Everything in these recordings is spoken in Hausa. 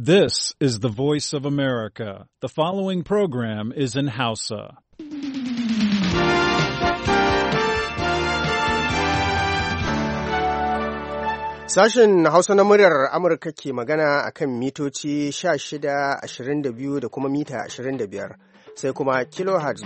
This is the voice of America. The following program is in Hausa. Sashen Hausa na muryar Amurka ke magana a kan mitoci 16, 22 da kuma mita 25. sai kuma kilohertz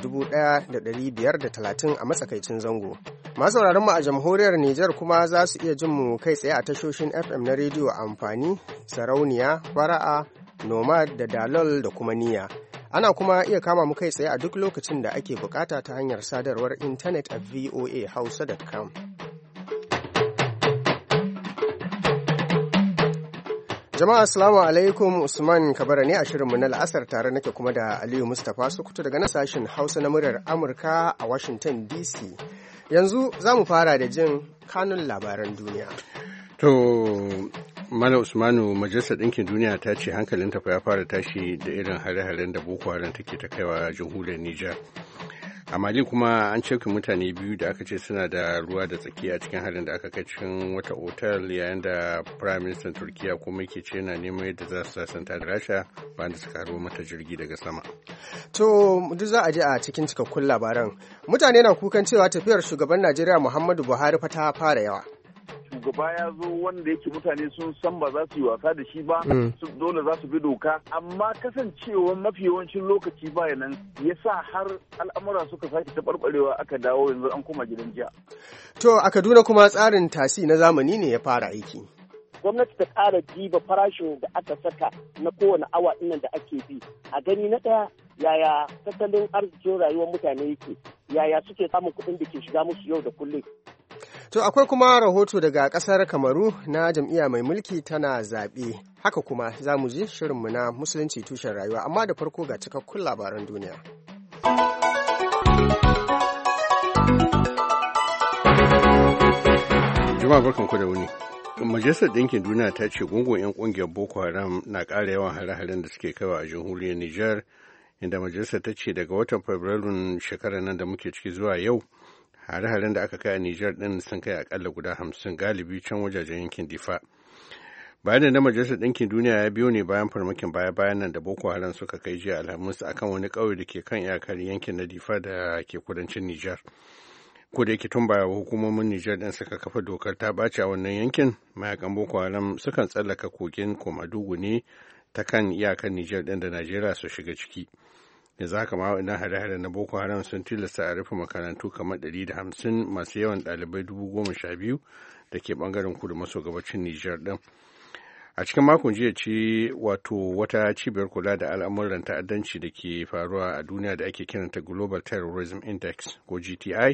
talatin a matsakaicin zango. Masu mu a jamhuriyar Nijar kuma za su iya jin mu kai tsaye a tashoshin FM na rediyo amfani, sarauniya, fara'a, nomad da dalol da kuma niyya. Ana kuma iya kama mu kai tsaye a duk lokacin da ake bukata ta hanyar sadarwar intanet a Hausa.com. Jama'a assalamu alaikum Usman Kabara ne a shirin mu na la'asar tare nake kuma da Aliyu Mustapha Sokoto daga nan sashen Hausa na muryar Amurka a Washington DC. Yanzu za mu fara da jin kanun labaran duniya. To Mala Usmanu Majalisar Ɗinkin Duniya ta ce hankalinta fa ya fara tashi da irin hare-haren da Boko Haram take ta kaiwa jamhuriyar Nijar. a mali kuma an cefke mutane biyu da aka ce suna da ruwa da tsaki a cikin halin da aka kai cikin wata otal yayin da prime minister turkiya kuma yake ce na neman yadda za su sasanta da rasha bayan da suka haro mata jirgi daga sama to duk za a je a cikin cikakkun labaran mutane na kukan cewa tafiyar shugaban najeriya muhammadu buhari fa ta fara yawa shugaba ya zo wanda yake mutane sun san ba za su yi wasa da shi ba mm. dole za su bi doka amma kasancewa mafi yawancin lokaci bayanan, nan ya sa har al'amura suka sake taɓarɓarewa aka dawo yanzu an kuma gidan jiya. To a Kaduna kuma tsarin tasi na zamani ne ya fara aiki. gwamnati ta ƙara jiba farashin da aka saka na kowane awa ɗinnan da ake bi a gani na ɗaya yaya tattalin arzikin rayuwar mutane yake yaya suke samun kuɗin da ke shiga musu yau da kullum To akwai kuma rahoto daga ƙasar Kamaru na jam'iyya mai mulki tana zaɓe. Haka kuma za mu ji shirin mu na Musulunci tushen rayuwa, amma da farko ga cikakkun labaran duniya. Juma'a barkanku da wuni. Majalisar Ɗinkin Duniya ta ce gungun 'yan ƙungiyar Boko Haram na ƙara yawan hare-haren da suke kaiwa a jamhuriyar Nijar, inda majalisar ta ce daga watan Fabrairun shekarar nan da muke ciki zuwa yau, hare-haren da aka kai a Nijar ɗin sun kai akalla guda hamsin galibi can wajajen yankin Difa. Bayanin na Majalisar Ɗinkin Duniya ya biyo ne bayan farmakin baya-bayan nan da Boko Haram suka kai jiya Alhamis akan wani ƙauye da ke kan iyakar yankin na Difa da ke kudancin Nijar. Ko da yake tun baya hukumomin Nijar ɗin suka kafa dokar ta ɓaci a wannan yankin, mayakan Boko Haram sukan tsallaka kogin Komadugu ne ta kan iyakar Nijar ɗin da Najeriya su shiga ciki. za ka ma ina hare-hare na boko haram sun tilasta a rufe makarantu kamar 150 masu yawan ɗalibai 12,000 da ke bangaren kudu maso gabacin nijar ɗin a cikin makon jiya ce wato wata cibiyar kula da al'amuran ta'addanci da ke faruwa a duniya da ake kiranta global terrorism index ko gti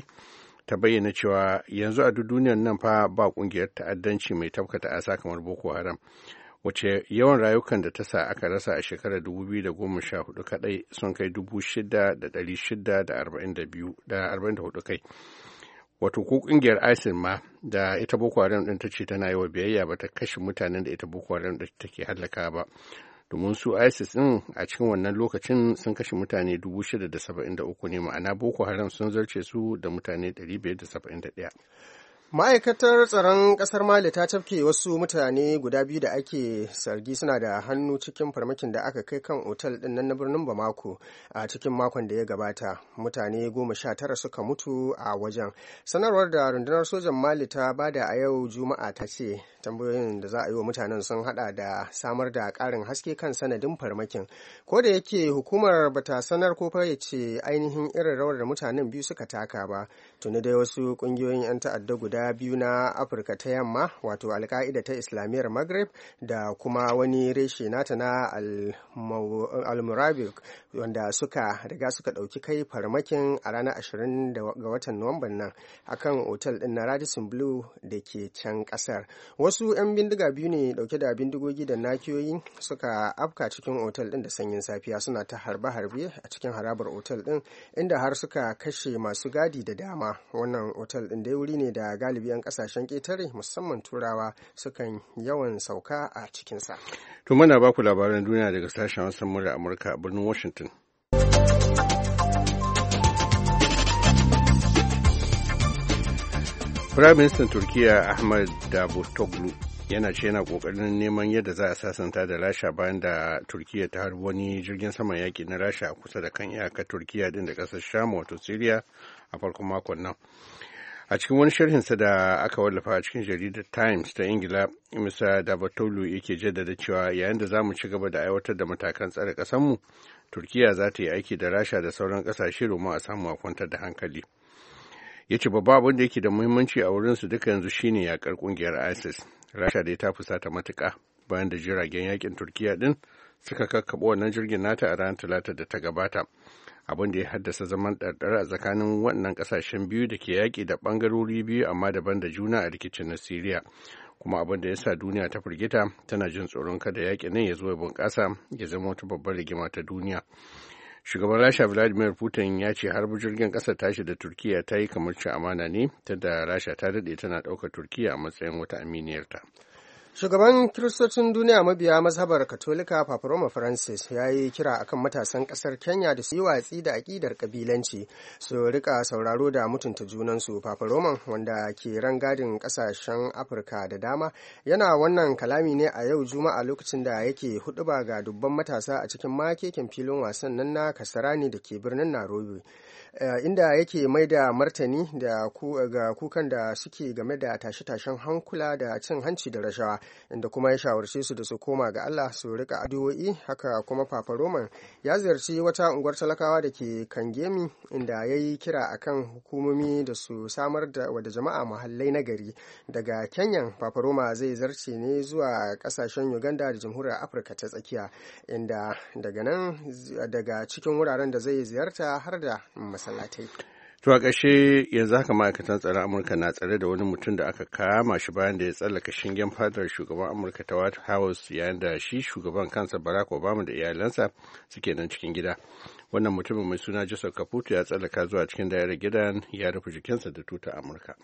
ta bayyana cewa yanzu a duk duniyar nan fa ba kungiyar ta'addanci mai tafkata asa kamar boko haram wace yawan rayukan da ta sa aka rasa a shekarar 2014 kadai sun kai 6,644 kai wato ko kungiyar isil ma da ita boko haram din ta ce tana yi wa biyayya ba ta kashe mutanen da ita boko haram din take hallaka ba domin su isis din a cikin wannan lokacin sun kashe mutane 673 ne ma'ana boko haram sun zarce su da mutane 571 ma'aikatar tsaron kasar mali ta tafke wasu mutane guda biyu da ake sargi suna da hannu cikin farmakin da aka kai kan otal din nan na birnin bamako a cikin makon da ya gabata mutane goma sha tara suka mutu a wajen sanarwar da rundunar sojan mali ta bada a yau juma'a ta ce tambayoyin da za a yi wa mutanen sun hada da samar da karin haske kan sanadin farmakin ko da yake hukumar bata sanar ko fayyace ainihin irin rawar da mutanen biyu suka taka ba tuni dai wasu kungiyoyin 'yan ta'adda guda biyu na afirka ta yamma wato alka'ida ta islamiyyar maghreb da kuma wani reshe nata na Almurabi, wanda suka riga suka ɗauki kai farmakin a ranar 20 ga watan nuwamban nan akan otal ɗin na radisson blue da ke can ƙasar wasu 'yan bindiga biyu ne dauke da bindigogi da nakiyoyi suka afka cikin otal ɗin da sanyin safiya suna ta harbe-harbe a cikin harabar otal ɗin inda har suka kashe masu gadi da dama kuma wannan otal ɗin dai wuri ne da galibi 'yan kasashen ƙetare musamman turawa sukan yawan sauka a cikinsa. To muna ba ku labaran duniya daga sashen wasan murya Amurka a birnin Washington. Firaministan Turkiyya Ahmad Davutoglu yana ce yana kokarin neman yadda za a sasanta da rasha bayan da turkiya ta harbi wani jirgin saman yaƙi na rasha kusa da kan iyakar turkiya din da ƙasar sham wato syria a farkon makon nan a cikin wani sharhin sa da aka wallafa a cikin jaridar times ta ingila mr dabatolu yake jaddada cewa yayin da za mu ci gaba da aiwatar da matakan tsare mu turkiya za ta yi aiki da rasha da sauran ƙasashe domin a samu a kwantar da hankali ya ce babba abin da yake da muhimmanci a wurin su duka yanzu shine yakar kungiyar isis rasha dai ta fusata matuka bayan da jiragen yakin turkiya din suka kakkaɓo wannan jirgin nata a ranar talata da ta gabata abin da ya haddasa zaman ɗarɗar a tsakanin wannan ƙasashen biyu da ke yaƙi da ɓangarori biyu amma daban da juna a rikicin na siriya kuma abin da ya sa duniya ta firgita tana jin tsoron kada yaƙi nan ya zo ya bunƙasa ya zama wata babbar rigima ta duniya shugaban rasha vladimir putin ya ce har jirgin ƙasar tashi da turkiya ta yi kamar ci amana ne ta da rasha ta daɗe tana ɗaukar turkiya a matsayin wata aminiyarta. Shugaban Kiristocin duniya mabiya mazhabar Katolika Papa Roma Francis ya yi kira akan matasan ƙasar Kenya da su yi watsi da aƙidar ƙabilanci su rika sauraro da mutunta junansu. Papa Roman wanda ke rangadin ƙasashen Afirka da dama yana wannan kalami ne a yau Juma'a lokacin da yake huɗuba ga dubban matasa a cikin makekin filin wasan nan na Kasarani da ke birnin Nairobi. Eh, inda yake mai da martani da ga kukan da suke game da tashe-tashen hankula da cin hanci da rashawa inda kuma ya shawarce su da su koma ga Allah su rika addu'o'i haka kuma Papa Roman ya ziyarci wata unguwar talakawa da ke kangemi inda ya yi kira a kan hukumomi da su samar da wada jama'a muhallai na gari daga kenyan paparoma zai zarce ne zuwa kasashen uganda da jamhuriyar afirka ta tsakiya inda daga nan daga cikin wuraren da zai ziyarta har da masallatai To a ƙashe yanzu haka ma'aikatan tsaron Amurka na tsare da wani mutum da aka kama shi bayan da ya tsallaka shingen fadar shugaban Amurka ta White House yayin da shi shugaban kansa Barack Obama da iyalansa suke nan cikin gida. Wannan mutumin mai suna Joseph Caputo ya tsallaka zuwa cikin dayar gidan ya rufe jikinsa da tuta Amurka.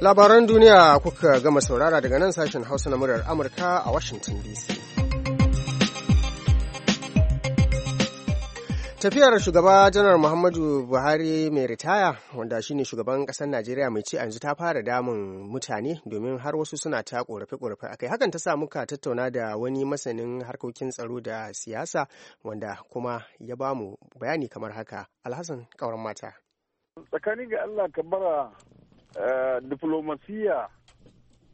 Labaran duniya kuka gama saurara daga nan sashen Hausa na murar Amurka a Washington DC. Tafiyar shugaba janar Muhammadu Buhari mai ritaya wanda shine shugaban ƙasar Najeriya mai ci yanzu ta fara damun mutane domin har wasu suna ta korafe-korafe akai hakan ta sa muka tattauna da wani masanin harkokin tsaro da siyasa wanda kuma ya bamu bayani kamar haka Alhassan kawar mata. Tsakanin ga Allah kabara Eh, diplomasiya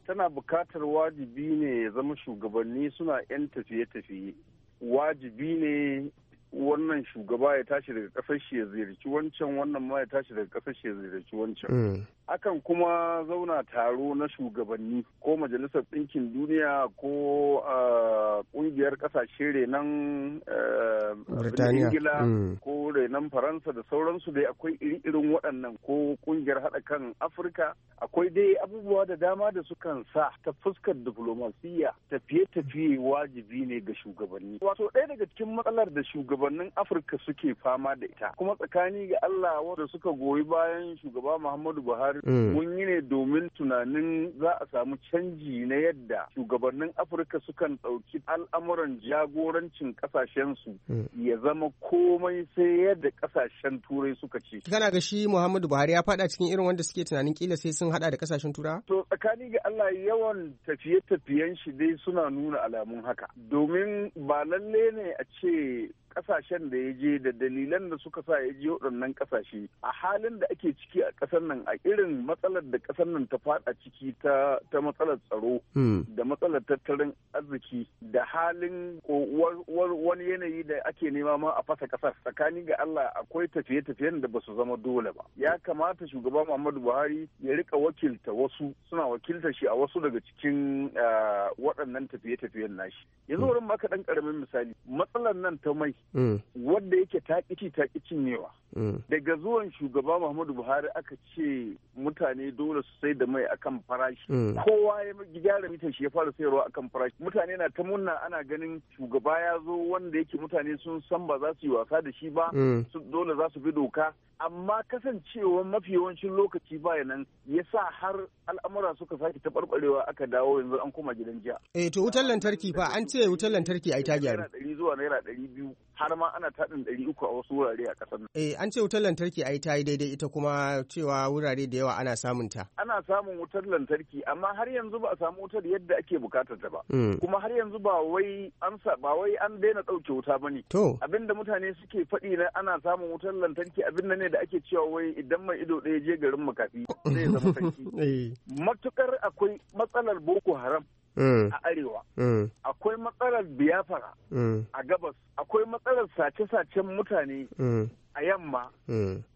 tana bukatar wajibi ne ya zama shugabanni suna 'yan tafiye-tafiye wajibi ne wannan shugaba ya tashi daga kasashe ya ziyarci wancan wannan ma ya tashi daga kasashe ya ziyarci wancan mm. akan kuma zauna taro na shugabanni ko majalisar ɗinkin duniya ko ah, ƙungiyar ƙasashe renon eh, ingila mm. ko renon faransa da sauransu dai akwai iri-irin waɗannan ko ƙungiyar haɗa kan afirka akwai dai abubuwa da dama da sukan sa ta fuskar diflomasiyya tafiye-tafiye wajibi ne ga shugabanni wato ɗaya daga cikin matsalar da shugabannin afirka suke fama da ita kuma tsakani ga allah wanda suka goyi bayan shugaba muhammadu buhari buhari mm. mun yi ne domin tunanin za a samu canji na yadda shugabannin afirka sukan ɗauki al'amuran jagorancin ƙasashensu mm. ya zama komai sai yadda ƙasashen turai suka ce kana ga shi muhammadu buhari ya faɗa cikin irin wanda suke tunanin kila sai sun haɗa da ƙasashen tura to tsakani ga allah yawan tafiye-tafiyen shi dai suna nuna alamun haka domin ba lalle ne a ce kasashen da ya je da dalilan da suka sa ya je waɗannan kasashe a halin da ake ciki a ƙasar nan a irin matsalar da ƙasar nan ta faɗa ciki ta ta matsalar tsaro hmm. da matsalar tattalin arziki da halin wani yanayi da ake nema ma a fasa ƙasar tsakani ga Allah akwai tafiye-tafiyen da ba su zama dole ba ya kamata shugaba Muhammadu Buhari ya rika wakilta wasu suna wakiltar shi a wasu daga cikin eh, waɗannan tafiye-tafiyen nashi yanzu wurin maka ɗan ƙaramin misali matsalar nan ta mai Mm. wadda yake taƙici taƙicin newa mm. daga zuwan shugaba muhammadu buhari aka ce mutane dole su sai da mai akan farashi mm. kowa ya gyara mitan shi ya fara sayarwa akan farashi mutane na ta munna ana ganin shugaba ya zo wanda yake mutane sun san ba za su yi wasa da shi ba dole za su bi doka amma kasancewa mafi yawancin lokaci bayanan nan ya sa har al'amura suka sake taɓarɓarewa aka dawo yanzu an koma gidan jiya. E to wutar lantarki fa an ce wutar lantarki a ita gyaru. Naira ɗari zuwa naira ɗari biyu har ma ana taɗin ɗari uku a wasu wurare a ƙasar nan. Eh an ce wutar lantarki a ita daidai ita kuma cewa wurare da yawa ana samun ta. Ana samun wutar lantarki amma har yanzu ba a samu wutar yadda ake bukatar ta ba. Hmm. Kuma har yanzu ba wai an sa ba wai an daina ɗauke wuta ba ne. To. Abinda mutane suke faɗi na ana samun wutar lantarki abinda ne ne da ake cewa wai idan mai ido ɗaya je garin makafi zai zama sarki eh. matukar akwai matsalar boko haram eh. a arewa eh. akwai matsalar biyafara a gabas akwai matsalar sace-sacen mutane a yamma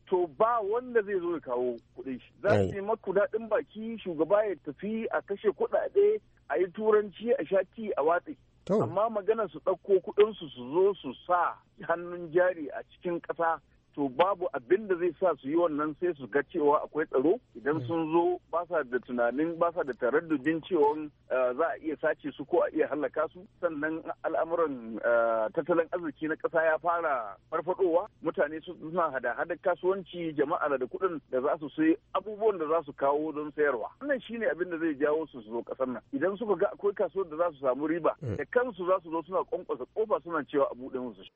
to ba wanda zai zo ya kawo kuɗin shi za su nema oh. maku baki shugaba ya tafi a kashe kuɗaɗe a yi turanci a shati a watsi amma magana su ɗauko kuɗinsu su zo su sa hannun jari a cikin ƙasa to babu abin da zai sa su yi wannan sai su ga cewa akwai tsaro idan mm. sun zo ba sa da tunanin ba sa da taraddudin cewa eh, za a iya sace su ko a iya hallaka su sannan al'amuran eh, tattalin arziki na ƙasa ya fara farfadowa mutane suna hada-hada kasuwanci jama'a da kuɗin da za su sai abubuwan da za su kawo don sayarwa wannan shine abin da zai jawo su su zo ƙasar nan idan suka ga akwai kasuwar da za su samu riba mm. da kansu za su zo suna kwankwasa kofa suna cewa a buɗe musu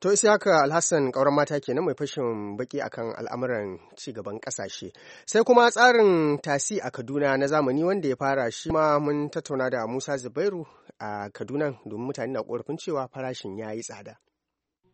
to sai haka alhassan kauran mata kenan mai fashin baki akan al'amuran gaban ƙasashe. Sai kuma tsarin tasi a Kaduna na zamani wanda ya fara shi ma mun tattauna da Musa Zubairu a Kaduna domin mutane na korafin cewa farashin ya yi tsada.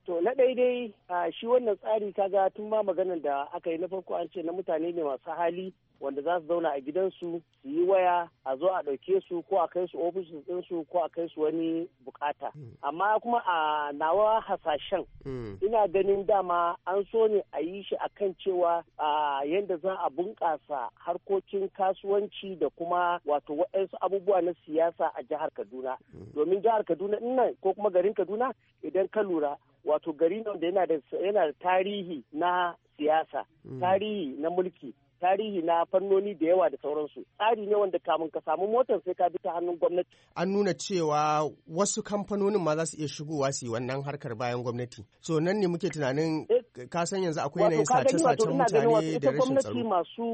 To na daidai shi wannan tsari kaga tun ma maganar da aka yi na farko an ce na mutane ne masu hali wanda za su zauna a gidansu su yi waya a zo a ɗauke su ko a kai su ofishin ɗinsu ko a kai su wani bukata hmm. amma kuma a nawa hasashen hmm. ina ganin dama an so ne a yi shi a kan cewa a yadda za a bunƙasa harkokin kasuwanci da kuma wato waɗansu abubuwa na siyasa a jihar kaduna hmm. domin jihar kaduna nan ko kuma garin kaduna idan ka lura wato gari da yana da tarihi na siyasa tarihi na mulki tarihi na fannoni da yawa da sauransu tsari ne wanda kamun ka samu motar sai ka bi ta hannun gwamnati an nuna cewa wasu kamfanonin ma za su iya shigowa su yi wannan harkar bayan gwamnati so nan ne muke tunanin eh, ka san yanzu akwai yanayin sace sace mutane da rashin tsaro masu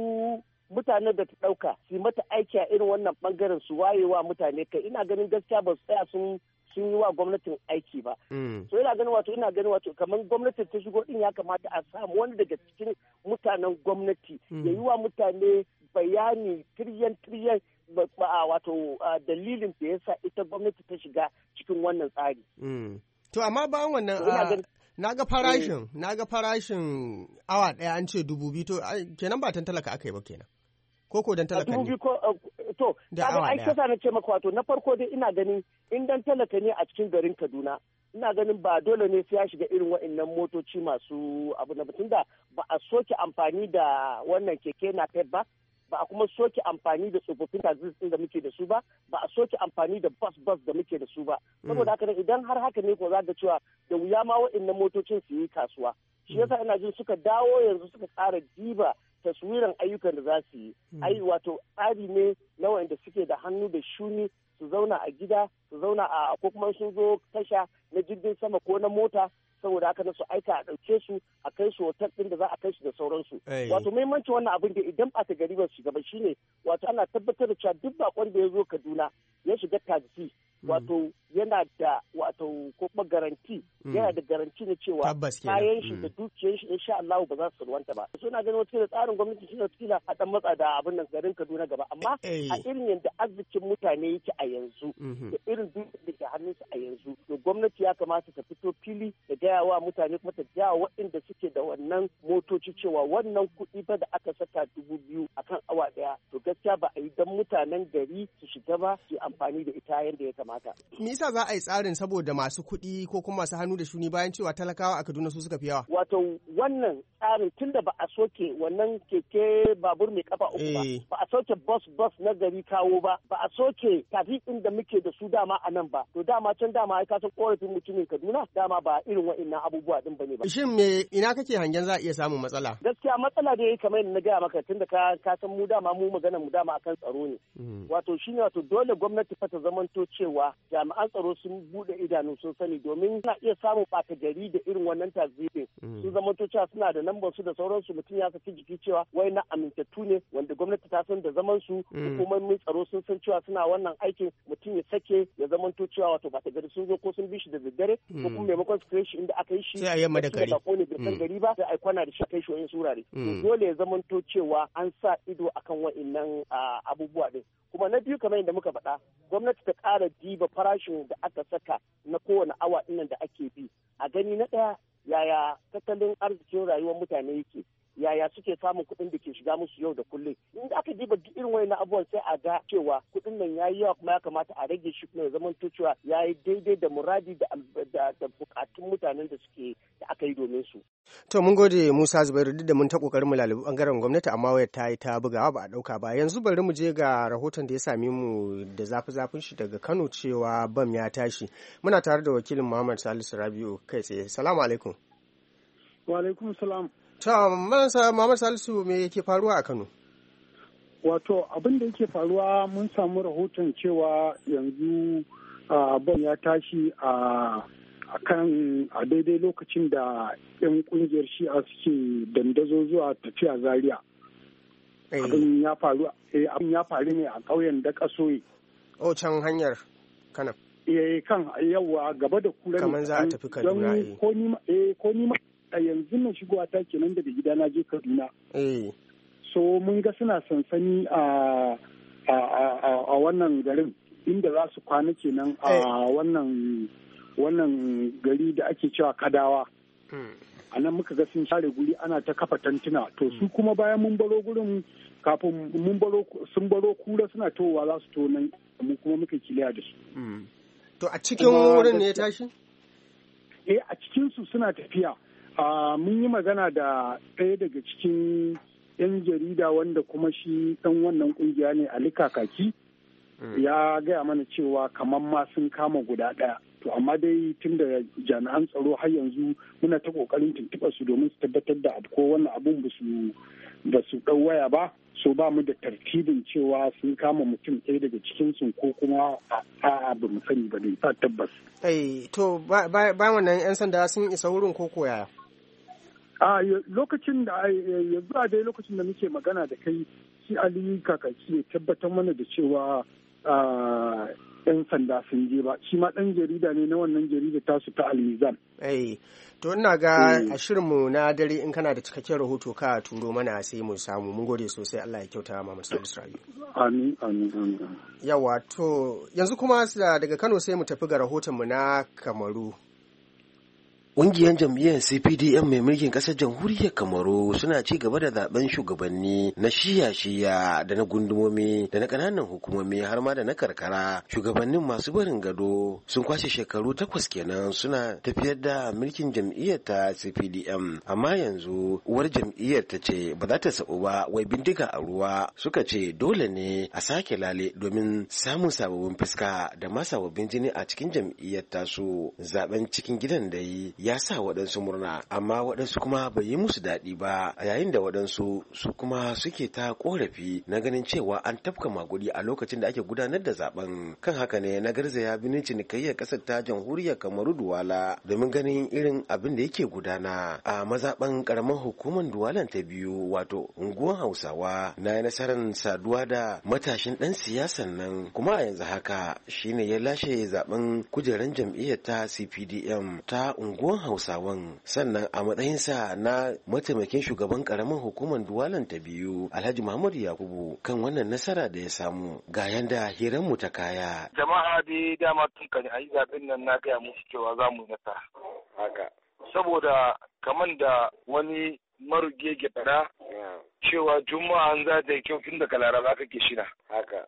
mutane da ta dauka su mata aiki a irin wannan bangaren su wayewa mutane kai ina ganin gaskiya ba su tsaya sun sun yi wa gwamnatin aiki ba. Mm. So yana ganin wato ina ganin wato kamar gwamnatin ta shigo din ya kamata a samu wani daga cikin mutanen gwamnati mm. ya yi wa mutane bayani tiryan tiryan wato dalilin da sa ita gwamnati ta shiga cikin wannan tsari. Mm. To amma ba wannan na ga farashin na ga farashin awa ɗaya an ce dubu biyu to kenan ba tan ka aka yi ba kenan. Koko dan talaka ne. to kaga ai kasa na ce maka wato na farko dai ina ganin in dan talaka ne a cikin garin Kaduna ina ganin ba dole ne sai ya shiga irin wa'annan motoci masu abu na da ba a soke amfani da wannan keke na ba ba a kuma soke amfani da tsofaffin taxis da muke da su ba ba a soke amfani da bus bus da muke da su ba mm. saboda haka idan har haka ne ko za ga cewa da wuya ma wa'annan motocin su yi kasuwa shi mm. yasa ina jin suka dawo yanzu suka tsara diba taswiran ayyukan da za su yi hmm. ai wato tsari ne na wanda suke da hannu da shuni su zauna a gida su zauna a ko kuma sun zo tasha na jirgin sama ko na mota saboda haka na su aika a ɗauke su a kai su hotel ɗin da za a kai su da sauransu. Wato muhimmanci wannan abin da idan ɓata gari ba su shiga ba shine wato ana tabbatar da cewa duk bakwai da ya zo Kaduna ya shiga taxi Mm. wato yana da wato ko kuma garanti mm. yana da garanti na cewa kayan shi da mm. dukiyar shi insha Allah ba za su ruwanta ba so na ganin wata tsarin gwamnati shi kila hadan matsa da abin nan garin Kaduna gaba amma eh, eh. a irin yadda arzikin mutane yake a yanzu mm-hmm. da irin dukiyar da ke hannun su a yanzu to gwamnati ya kamata ta fito fili da gaya wa mutane kuma ta gaya waɗanda suke da wannan motoci cewa wannan kuɗi ba da aka saka dubu biyu akan awa ɗaya to gaskiya ba a yi dan mutanen gari su shiga ba su amfani da ita yadda ya kamata kamata. Me yasa za a yi tsarin saboda masu kuɗi ko kuma masu hannu da shuni bayan cewa talakawa a Kaduna su suka fi yawa? Wato wannan tsarin tun da ba a soke wannan keke babur mai kafa uku ba, eh. ba a soke bus bus na gari kawo ba, ba a soke tafi inda muke da su dama a nan ba. To dama can dama ai kasan korafin mutumin Kaduna dama ba irin wa'annan abubuwa din bane ba. Shin me ina kake hangen za a iya samun matsala? Gaskiya matsala da kamar na gaya maka da ka ka san mu dama mu magana mu dama akan tsaro ne. Hmm. Wato shine wato dole gwamnati fa ta zamanto cewa cewa jami'an tsaro sun bude idanu sun sani domin na iya samun bata gari da irin wannan tazibin mm. sun zama cewa suna da lambar su da sauransu mutum ya saki jiki cewa wai na amintattu ne wanda gwamnati ta san da zaman su mm. hukumomin tsaro sun san cewa suna wannan aikin mutum ya sake ya zama cewa wato bata gari sun zo ko sun bi shi da daddare ko mm. kuma maimakon su shi inda aka yi shi sai a yamma da gari ko ne bai gari ba sai a kwana da shi kai shi wani surare dole ya zama cewa an sa ido akan wa'annan ah, abubuwa din kuma na biyu kamar yadda muka faɗa gwamnati ta ƙara diba farashin da aka saka na kowane awa ɗinnan da ake bi a gani na ɗaya yaya tattalin arzikin rayuwar mutane yake yaya suke samun kuɗin da ke shiga musu yau da kullum in aka diba duk irin na abubuwan sai a ga cewa kuɗin nan ya yi yawa kuma ya kamata a rage shi kuma ya zama cewa yi daidai da muradi da bukatun mutanen da suke da aka yi domin su to mun gode Musa Zubairu duk da mun ta kokarin mu lalibu bangaren gwamnati amma wayar ta yi ta bugawa ba a ɗauka ba yanzu bari mu je ga rahoton da ya sami mu da zafi zafin shi daga Kano cewa bam ya tashi muna tare da wakilin Muhammad Salisu Rabiu kai tsaye salamu alaikum wa alaikum salam To, Muhammad Salisu me yake faruwa a Kano? Wato, abin da yake faruwa mun samu rahoton cewa yanzu bom ya tashi a kan a daidai lokacin da 'yan kungiyar a suke dandazo zuwa tafiya zaria. Eh. Eh, abin ya faru ne a ƙauyen da ƙasoyi. O oh, can hanyar kanan. Eh kan yawa gaba da kura. Kamar za a tafi Kaduna. Eh. Ko nima a yanzu na a ta nan daga gida na je Kaduna. Eh. So mun ga suna sansani a a wannan garin inda za su kwana kenan a eh. wannan wannan gari da ake cewa Kadawa. Hmm. A nan muka ga sun share guri ana ta kafa tantuna to su kuma bayan mun baro gurin kafin mun baro sun baro kura suna towa za su to nan mu kuma muka kiliya da su. Hmm. To a cikin wurin ne ya tashi? eh a cikin su suna tafiya mun yi magana da ɗaya daga cikin 'yan jarida wanda kuma shi ɗan wannan ƙungiya ne Ali Kakaki mm. ya gaya mana cewa kamar ma sun kama guda ɗaya. To amma dai tun da jami'an tsaro har yanzu muna ta ƙoƙarin tuntuɓar su domin su tabbatar da ko wannan abun ba su ɗau waya ba. So ba mu da tartibin cewa sun kama mutum ɗaya daga cikinsu ko kuma a ba mu sani ba dai ba tabbas. Eh, to ba wannan 'yan sanda sun isa wurin ko koya? a lokacin da eh, yanzu a dai lokacin da muke magana da kai shi ali kakaki ya tabbatar mana da cewa yan sanda sun je ba shi ma dan jarida ne na wannan jarida su ta alizan eh to ina ga eh. a shirinmu na dare in kana da cikakken rahoto ka turo mana sai mu samu mun gode sosai Allah ya kyauta ma musu amin amin amin yawa to yanzu kuma daga Kano sai mu tafi ga rahoton mu na Kamaru Ƙungiyar jam'iyyar CPDM mai mulkin ƙasar jamhuriyar Kamaru suna ci gaba da zaben shugabanni na shiya-shiya da na gundumomi da na ƙananan hukumomi har ma da na karkara. Shugabannin masu barin gado sun kwashe shekaru takwas kenan suna tafiyar da mulkin jam'iyyar ta CPDM. Amma yanzu uwar jam'iyyar ta ce ba za ta sabu ba wai bindiga a ruwa suka ce dole ne a sake lale domin samun sababbin fuska da ma sababbin jini a cikin jam'iyyar tasu zaben cikin gidan da yi ya sa waɗansu murna amma waɗansu kuma bai yi musu daɗi ba yayin da waɗansu su kuma suke ta korafi na ganin cewa an tafka magudi a lokacin da ake gudanar da zaben kan haka ne na garzaya binin cinikayyar ƙasar ta jamhuriyar kamaru duwala domin ganin irin abin da yake gudana a mazaɓan ƙaramin hukumar duwalan ta biyu wato unguwar hausawa na yi nasarar saduwa da matashin ɗan siyasan nan kuma a yanzu haka shine ya lashe zaben kujerar jam'iyyar ta cpdm ta unguwar shugaban hausawan sannan a matsayinsa na mataimakin shugaban karamin hukumar duwalan ta biyu alhaji muhammadu yakubu kan wannan nasara da ya samu ga yanda mu ta kaya jama'a dai dama tun kan ayi zaben nan na gaya musu cewa za mu nasara haka saboda kamar da wani maruge ke cewa juma'a an za ta yi kyau tun daga laraba kake shina haka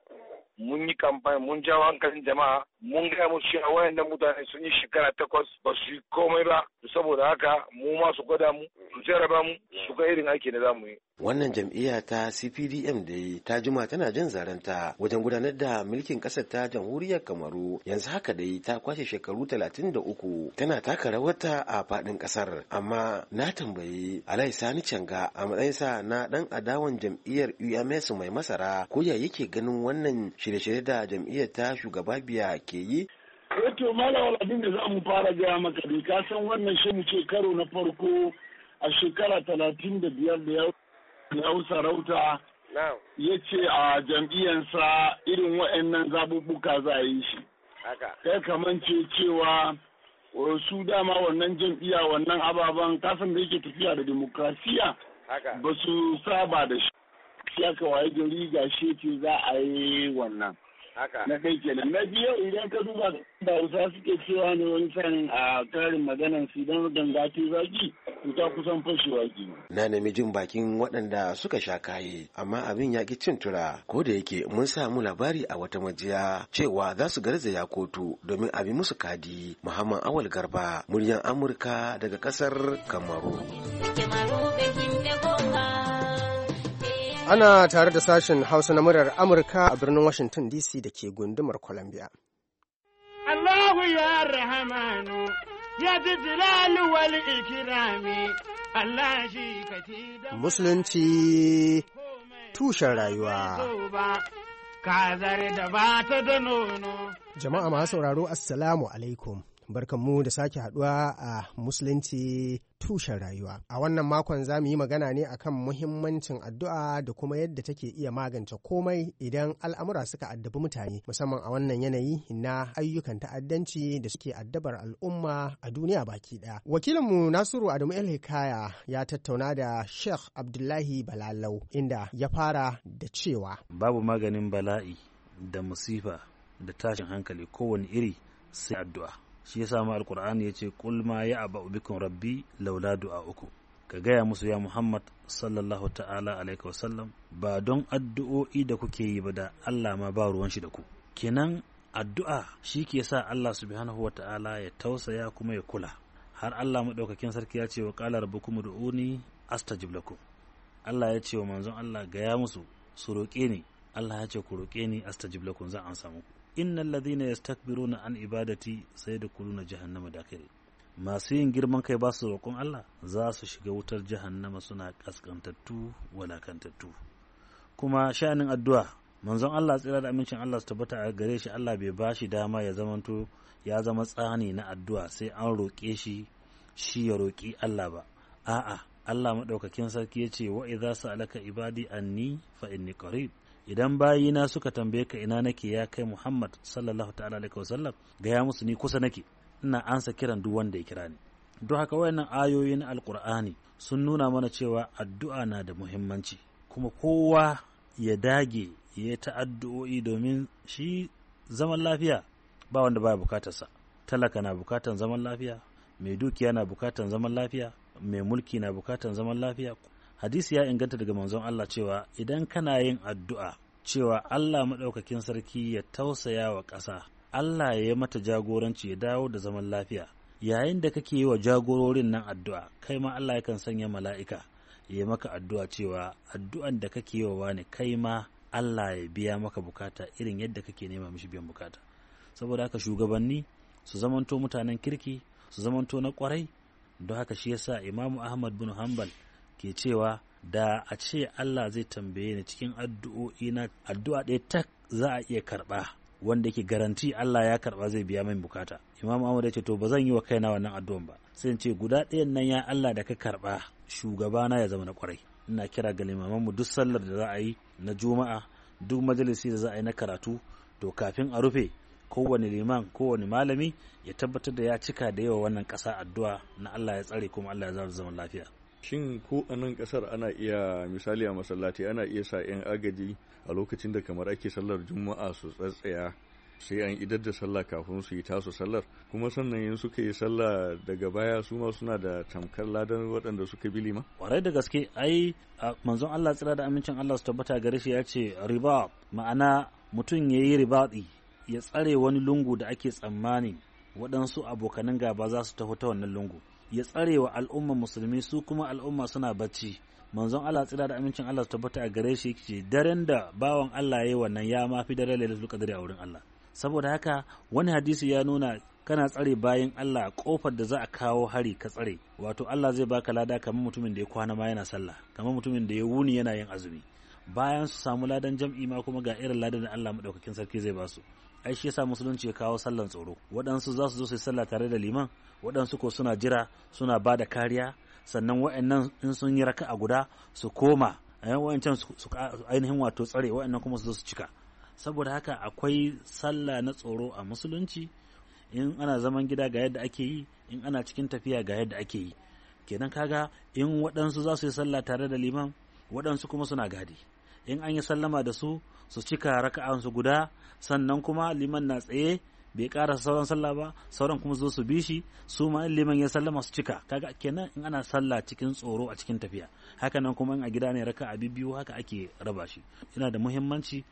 mun yi kamfani mun jawo hankalin jama'a mun gaya musu cewa wayannan mutane sun yi shekara takwas ba su yi komai ba saboda haka mu ma su gwada mu su jarraba mu su ga irin aiki da zamu yi wannan jam'iyya ta cpdm da ta juma tana jin zaranta wajen gudanar da mulkin ƙasar ta jamhuriyar kamaru yanzu haka dai ta kwashe shekaru 33 tana taka rawarta a faɗin ƙasar amma na tambayi alai sani canga a matsayinsa na ɗan adawan jam'iyyar ums mai masara ko ya yake ganin wannan shirye-shirye da jam'iyyar ta shugaba biya ke yi wato eh malawal abin da za mu fara gaya maka dai ka san wannan shi shekaru na farko a shekara talatin da biyar da yau Yau sarauta ya ce a jam'iyyarsa irin waɗannan zaɓuɓɓuka za a yi shi. Kai ce cewa su dama wannan jam'iyya wannan ababen kasan da yake tafiya da demokrasiya ba su saba da shi. Shi aka waye gari ga shi ce za a yi wannan. na kai kenan na biyu idan ka duba da hausa suke cewa ne wancan a karin maganan su idan ganga ta zaki ta kusan fashewa waki. na nemi jin bakin waɗanda suka sha kaye amma abin ya ki cin tura ko da yake mun samu labari a wata majiya cewa za su garzaya kotu domin abi musu kadi muhammad awal garba muryan amurka daga ƙasar kamaru. kamaru Ana tare da sashen Hausa na murar Amurka a birnin Washington DC da ke gundumar Columbia. Allahu ya rahamanu ya ji jilali wal ikirami Allah shi da Musulunci tushen rayuwa. Kazar da ba ta da nono. Jama'a masu sauraro Assalamu alaikum. barkanmu da sake haduwa a musulunci tushen rayuwa a wannan makon za mu yi magana ne akan muhimmancin addu'a da kuma yadda take iya magance komai idan al'amura suka addabi mutane musamman a wannan yanayi na ayyukan ta'addanci da suke addabar al'umma a duniya baki ɗaya wakilinmu nasiru adamu el hikaya ya tattauna da sheikh abdullahi balalau inda ya fara da cewa babu maganin bala'i da musifa da tashin hankali kowane iri sai addu'a shi yasa ma alqur'ani yace qul ma ya'ba'u bikum rabbi laula uku ka gaya musu ya muhammad sallallahu ta'ala alaihi wasallam ba don addu'o'i da kuke yi ba da allah ma ba ruwan shi da ku kenan addu'a shi ke sa allah subhanahu wa ta'ala ya tausaya kuma ya kula har allah maɗaukakin sarki ya ce wa ƙala rabbukum ud'uni astajib lakum allah ya ce wa manzon allah gaya musu su roƙe ni allah ya ce ku roƙe ni astajib lakum zan an muku ya ladhina yastakbiruna an ibadati sayadkhuluna jahannama kai masu yin girman kai ba su roƙon Allah za su shiga wutar jahannama suna kaskantattu walakantattu kuma sha'anin addu'a manzon Allah tsira da amincin Allah su tabbata a gare shi Allah bai ba shi dama ya zamanto ya zama tsani na addu'a sai an roƙe shi shi ya roƙi Allah ba a'a Allah maɗaukakin sarki ya ce wa idza sa'alaka ibadi anni fa inni qarib idan bayina suka tambaye ka ina nake ya kai Muhammad sallallahu ta'ala alaihi wasallam gaya musu ni kusa nake ina ansa kiran duk wanda ya kira ni don haka wayannan ayoyi na alkur'ani sun nuna mana cewa addu'a na da muhimmanci kuma kowa ya dage ya ta addu'o'i domin shi zaman lafiya ba wanda baya bukatarsa talaka na bukatan zaman lafiya mai dukiya na bukatan zaman lafiya mai mulki na bukatan zaman lafiya hadisi ya inganta daga manzon Allah cewa idan kana yin addu'a cewa Allah maɗaukakin sarki ya tausaya wa ƙasa Allah ya yi mata jagoranci ya dawo da zaman lafiya yayin da kake yi wa jagororin nan addu'a kai ma Allah yakan sanya mala'ika ya maka addu'a cewa addu'an da kake yi wa wani kai ma Allah ya biya maka bukata irin yadda kake nema mishi biyan bukata saboda haka shugabanni su zamanto mutanen kirki su zamanto na kwarai don haka shi yasa Imamu Ahmad bin Hanbal ke cewa da a ce Allah zai tambaye ni cikin addu'o'i na addu'a ɗaya tak za a iya karɓa wanda ke garanti Allah ya karɓa zai biya min bukata Imam Ahmad ya ce to ba zan yi wa kaina wannan addu'an ba sai ce guda ɗayan nan ya Allah da ka karɓa shugaba na ya zama na kwarai ina kira ga limaman mu duk sallar da za a yi na juma'a duk majalisi da za a yi na karatu to kafin a rufe kowane liman kowane malami ya tabbatar da ya cika da yawa wannan ƙasa addu'a na Allah ya tsare kuma Allah ya zama lafiya shin ko a nan kasar ana iya misali a masallaci ana iya sa 'yan agaji a lokacin da kamar ake sallar juma'a su tsatsaya sai an idar da sallah kafin su yi tasu sallar kuma sannan yin suka yi sallah daga baya su ma suna da tamkar ladan waɗanda suka bi lima kwarai da gaske ai manzon Allah tsira da amincin Allah su tabbata gare shi ya ce riba ma'ana mutum ya yi ribaɗi ya tsare wani lungu da ake tsammani waɗansu abokanan gaba za su taho ta wannan lungu ya tsare wa al'ummar musulmi su kuma al'umma suna bacci manzon Allah tsira da amincin Allah su tabbata a gare shi ce daren da bawan Allah yi wannan ya ma fi daren lailatul qadri a wurin Allah saboda haka wani hadisi ya nuna kana tsare bayan Allah kofar da za a kawo hari ka tsare wato Allah zai baka lada kamar mutumin da ya kwana ma yana sallah kamar mutumin da ya wuni yana yin azumi bayan su samu ladan jam'i ma kuma ga irin ladan da Allah madaukakin sarki zai basu ai shi yasa musulunci ya kawo sallan tsoro waɗansu za su zo su yi sallah tare da liman waɗansu ko suna jira suna ba da kariya sannan waɗannan in sun yi raka a guda su koma eh, wancan su ainihin wato tsare waɗannan kuma su zo su cika saboda haka akwai salla na tsoro a musulunci in ana zaman gida ga yadda ake yi in ana cikin tafiya ga yadda ake yi kenan kaga in waɗansu za su yi sallah tare da liman waɗansu kuma suna gadi in an yi sallama da su su cika raka'ansu guda sannan kuma liman na tsaye bai ƙara sauran sallah ba sauran kuma zo su bi shi su ma in liman ya sallama su cika kaga kenan in ana sallah cikin tsoro a cikin tafiya haka nan kuma in a gida ne raka'a bi biyu haka ake raba shi yana da muhimmanci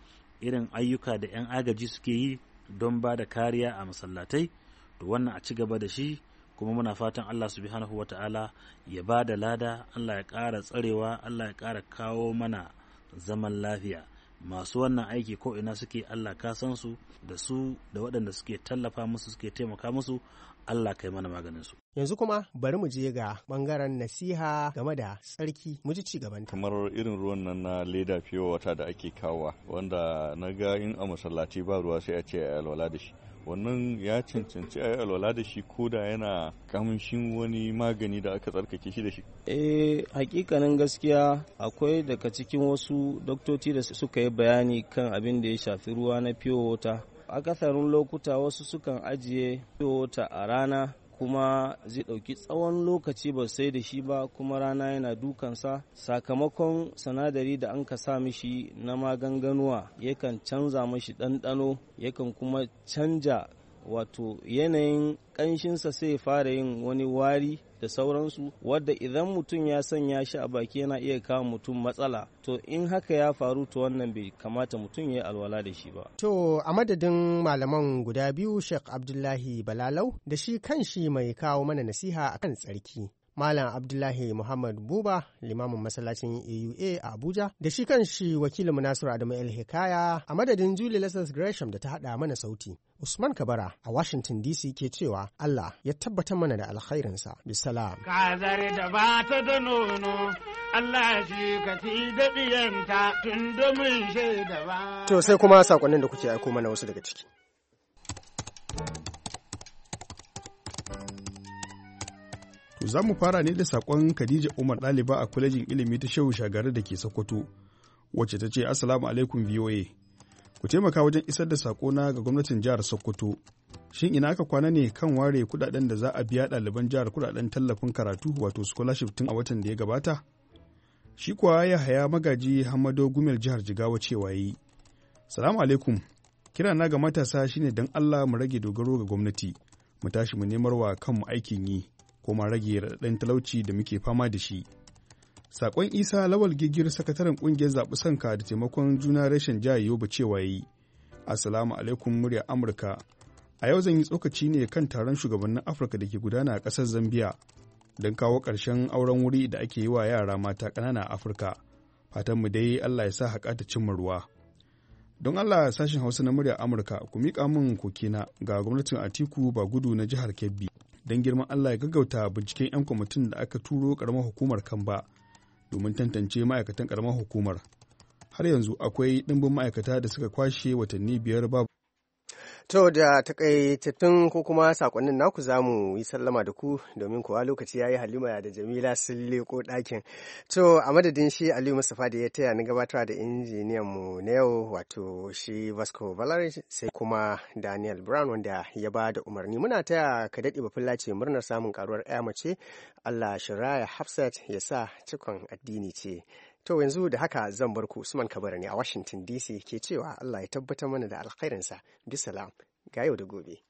irin ayyuka da 'yan agaji suke yi don ba da kariya a masallatai to wannan a ci gaba da shi kuma muna fatan Allah subhanahu ta'ala ya ba da lada Allah ya ƙara tsarewa Allah ya ƙara kawo mana zaman lafiya masu wannan aiki ko ina suke Allah ka su da su da waɗanda suke tallafa musu suke taimaka musu Allah kai mana maganin su. Yanzu kuma bari mu je ga bangaren nasiha game da tsarki mu ci gaban kamar irin ruwan nan na leda fiye wata da ake kawowa wanda na ga in a masallaci ba ruwa sai a ce a alwala da shi wannan ya cancanci a alwala da shi ko da yana kamshin wani magani da aka tsarkake shi da shi eh hakikanin gaskiya akwai daga cikin wasu doktoci da suka yi bayani kan abin da ya shafi ruwa na fiye wata a akasarin lokuta wasu sukan ajiye ta a rana kuma zai ɗauki tsawon lokaci ba sai da shi ba kuma rana yana dukansa sakamakon sanadari da an ka sa mishi na maganganuwa yakan canza mashi ɗanɗano yakan kuma canja wato yanayin ƙanshinsa sai fara yin wani wari da sauransu wadda idan mutum ya sanya shi a baki yana iya kawo mutum matsala to in haka ya faru to wannan bai kamata mutum ya alwala da shi ba. To a madadin malaman guda biyu Sheikh Abdullahi Balalau da shi kan shi mai kawo mana nasiha a kan tsarki Malam Abdullahi Muhammad Buba limamin masallacin AUA a Abuja da shi kan shi wakilin Nasiru Adamu El Hikaya a madadin Julie Lessons Gresham da ta haɗa mana sauti. Usman Kabara a Washington DC ke cewa Allah ya tabbatar mana da alkhairinsa. Bisalam. Kazar da ba ta da nono, Allah shi ka fi da biyanta tun da shaida ba. To sai kuma sakonnin da kuke aiko mana wasu daga ciki. za mu fara ne da saƙon Khadija Umar ɗaliba a kwalejin ilimi ta Shehu Shagari da ke Sokoto, wacce ta ce Assalamu alaikum VOA. Ku taimaka wajen isar da na ga gwamnatin jihar Sokoto. Shin ina aka kwana ne kan ware kuɗaɗen da za a biya ɗaliban jihar kuɗaɗen tallafin karatu wato scholarship tun a watan da ya gabata? Shi kuwa ya haya magaji Hamado Gumel jihar Jigawa cewa yi. Salamu alaikum. Kira na ga matasa shine don Allah mu rage dogaro ga gwamnati. Mu tashi mu nemarwa kanmu aikin yi. kuma rage raɗaɗin talauci da muke fama da shi. Sakon Isa Lawal Gigir sakataren ƙungiyar zaɓi sanka da taimakon juna rashin jihar ba cewa yi. Assalamu alaikum murya Amurka. A yau zan yi tsokaci ne kan taron shugabannin Afirka da ke gudana a ƙasar Zambiya don kawo ƙarshen auren wuri da ake yi wa yara mata ƙanana a Afirka. fatan mu dai Allah ya sa haƙa ta cimma ruwa. Don Allah sashen Hausa na murya Amurka ku miƙa min kokina ga gwamnatin Atiku ba gudu na jihar Kebbi. don girman Allah ya gaggauta binciken 'yan kwamitin da aka turo karamar hukumar Kamba domin tantance ma'aikatan karamar hukumar. Har yanzu akwai ɗimbin ma'aikata da suka kwashe watanni biyar babu To da takaitattun ko kuma sakonnin naku za mu yi sallama da ku domin kuwa lokaci ya yi halima da jamila sun leko ɗakin. To a madadin shi Aliyu Mustapha da ya taya na gabatar da injiniyan mu na yau wato shi Vasco Valari sai kuma Daniel Brown wanda ya ba da umarni. Muna taya ka daɗe ba ce murnar samun karuwar 'ya mace Allah Shiraya Hafsat ya sa cikon addini ce. To yanzu da haka zan bar ku Usman kabar ne a Washington DC ke cewa Allah ya tabbatar mana da alkhairinsa. Bisalam, ga yau da gobe.